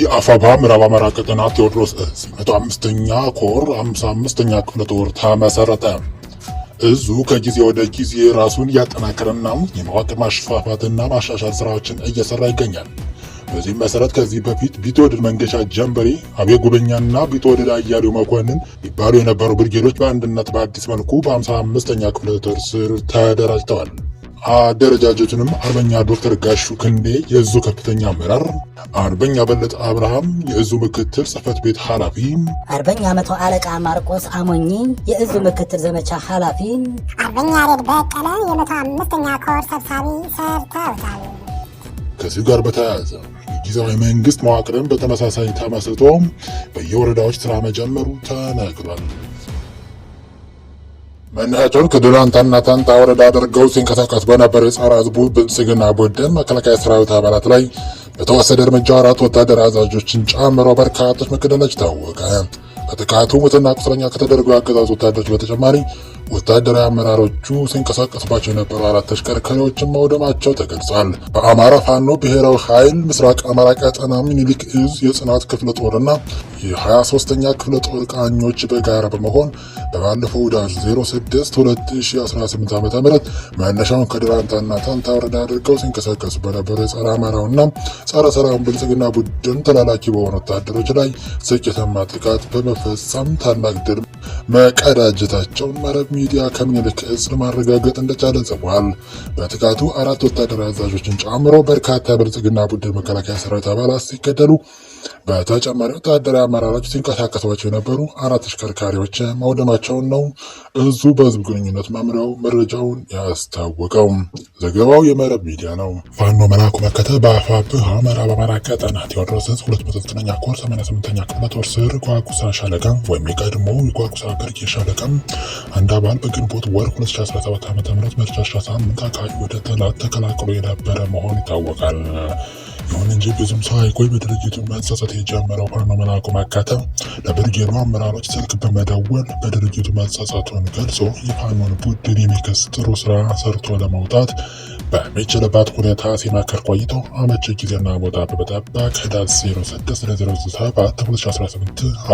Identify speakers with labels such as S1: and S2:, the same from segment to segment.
S1: የአፋብኃ ምዕራብ አማራ ቀጠና ቴዎድሮስ እዝ ኛ ኮር 55ኛ ክፍለ ጦር ተመሰረተ። እዙ ከጊዜ ወደ ጊዜ ራሱን እያጠናከረና የመዋቅር ማሽፋፋትና ማሻሻል ስራዎችን እየሰራ ይገኛል። በዚህም መሰረት ከዚህ በፊት ቢትወደድ መንገሻ ጀንበሬ፣ አቤ ጉበኛና ቢትወደድ አያሌው መኮንን ይባሉ የነበሩ ብርጌዶች በአንድነት በአዲስ መልኩ በ55ኛ ክፍለ ጦር ስር ተደራጅተዋል። አደረጃጀቱንም አርበኛ ዶክተር ጋሹ ክንዴ የእዙ ከፍተኛ አመራር፣ አርበኛ በለጠ አብርሃም የእዙ ምክትል ጽህፈት ቤት ኃላፊ፣ አርበኛ መቶ አለቃ ማርቆስ አሞኚ የእዙ ምክትል ዘመቻ ኃላፊ፣ አርበኛ ሬድ በቀለ የመቶ አምስተኛ ኮር ሰብሳቢ ሰርተውታል። ከዚሁ ጋር በተያያዘ ጊዜያዊ መንግስት መዋቅርን በተመሳሳይ ተመስርቶ በየወረዳዎች ስራ መጀመሩ ተነግሯል። መነሻቸውን ከዱራንታና ታንታ ወረዳ አድርገው ሲንቀሳቀስ በነበረው የጸረ ህዝቡ ብልጽግና ቡድን መከላከያ ሰራዊት አባላት ላይ በተወሰደ እርምጃ አራት ወታደር አዛዦችን ጨምሮ በርካቶች መገደላቸው ታወቀ። በጥቃቱ ሙትና ቁስለኛ ከተደረጉ አገዛዝ ወታደሮች በተጨማሪ ወታደራዊ አመራሮቹ ሲንቀሳቀሱባቸው የነበሩ አራት ተሽከርካሪዎችን መውደማቸው ተገልጿል። በአማራ ፋኖ ብሔራዊ ኃይል ምስራቅ አማራ ቀጠና ምኒልክ እዝ የጽናት ክፍለ ጦርና የ23ኛ ክፍለ ጦር ቃኞች በጋራ በመሆን በባለፈው ዳር 06 2018 ዓ ም መነሻውን ከድራንታና ታንታ ወረዳ አድርገው ሲንቀሳቀሱ በነበረ የጸረ አማራውና ጸረ ሰላም ብልጽግና ቡድን ተላላኪ በሆኑ ወታደሮች ላይ ስኬታማ ጥቃት በመፈጸም ታላቅ ድል መቀዳጀታቸውን መረብ ሚዲያ ከምኒልክ እዝ ለማረጋገጥ እንደቻለ ጽፏል። በጥቃቱ አራት ወታደራዊ አዛዦችን ጨምሮ በርካታ ብልጽግና ቡድን መከላከያ ሰራዊት አባላት ሲገደሉ በተጨማሪ ወታደራዊ አመራሮች ሲንቀሳቀሷቸው የነበሩ አራት ተሽከርካሪዎች ማውደማቸውን ነው እዙ በህዝብ ግንኙነት መምሪያው መረጃውን ያስታወቀው። ዘገባው የመረብ ሚዲያ ነው። ፋኖ መላኩ መከተ በአፋብህ ምዕራብ አማራ ቀጠና ቴዎድሮስ ዕዝ 209ኛ ኮር 88ኛ ክፍለ ጦር ስር ጓጉሳ ሻለቃ ወይም የቀድሞ የጓጉሳ ብርጌ ሻለቃ አንድ አባል በግንቦት ወር 2017 ዓ ም ምርጫ 18 አካባቢ ወደ ጠላት ተቀላቅሎ የነበረ መሆን ይታወቃል። ይሁን እንጂ ብዙም ሳይቆይ በድርጅቱ መጸጸት የጀመረው ፋኖ መላኩ መከተ ለብርጌዱ አመራሮች ስልክ በመደወል በድርጅቱ መጸጸቱን ገልጾ የፋኖን ቡድን የሚከስ ጥሩ ስራ ሰርቶ ለመውጣት በሚችልባት ሁኔታ ሲመክር ቆይቶ አመቺ ጊዜና ቦታ በመጠበቅ ህዳር 06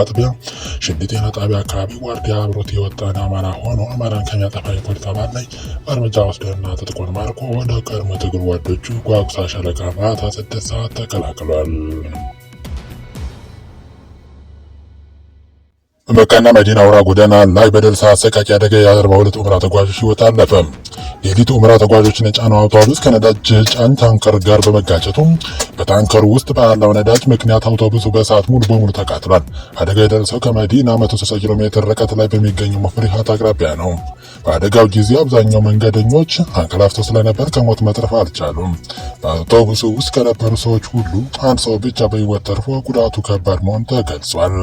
S1: አጥቢያ ሽንዲ ጣቢያ አካባቢ ዋርዲያ አብሮት የወጣን አማራ ሆኖ አማራን ከሚያጠፋ የፖሊስ አባል ላይ እርምጃ ወስደና ትጥቁን ማርኮ ወደ ቀድሞ ትግል ጓዶቹ ጓጉሳ ሻለቃ ማታ 6 ሰዓት ተቀላቅሏል። በመካና መዲና አውራ ጎዳና ላይ በደረሰ አሰቃቂ አደጋ የ42 ኡምራ ተጓዦች ህይወት አለፈ። የሊቱ ኡምራ ተጓዦችን የጫነው አውቶቡስ ከነዳጅ ጫኝ ታንከር ጋር በመጋጨቱ በታንከሩ ውስጥ ባለው ነዳጅ ምክንያት አውቶቡሱ በሰዓት ሙሉ በሙሉ ተቃጥሏል። አደጋ የደረሰው ከመዲና 160 ኪሎ ሜትር ርቀት ላይ በሚገኘው መፍሪሃት አቅራቢያ ነው። በአደጋው ጊዜ አብዛኛው መንገደኞች አንቀላፍተው ስለነበር ከሞት መትረፍ አልቻሉም። በአውቶቡሱ ውስጥ ከነበሩ ሰዎች ሁሉ አንድ ሰው ብቻ በህይወት ተርፎ ጉዳቱ ከባድ መሆኑ ተገልጿል።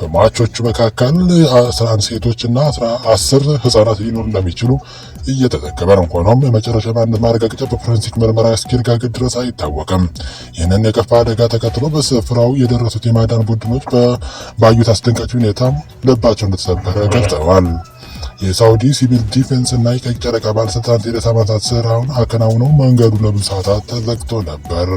S1: በሟቾቹ መካከል 11 ሴቶችና 10 ህጻናት ሊኖሩ እንደሚችሉ እየተዘገበ ነው። ሆኖም የመጨረሻ ማንነት ማረጋገጫ በፎረንሲክ ምርመራ እስኪረጋገጥ ድረስ አይታወቅም። ይህንን የከፋ አደጋ ተከትሎ በስፍራው የደረሱት የማዳን ቡድኖች ባዩት አስደንጋጭ ሁኔታ ልባቸው እንደተሰበረ ገልጸዋል። የሳውዲ ሲቪል ዲፌንስ እና የቀይ ጨረቃ ባለስልጣናት የደሳማታት ስራውን አከናውነው መንገዱ ለብዙ ሰዓታት ተዘግቶ ነበር።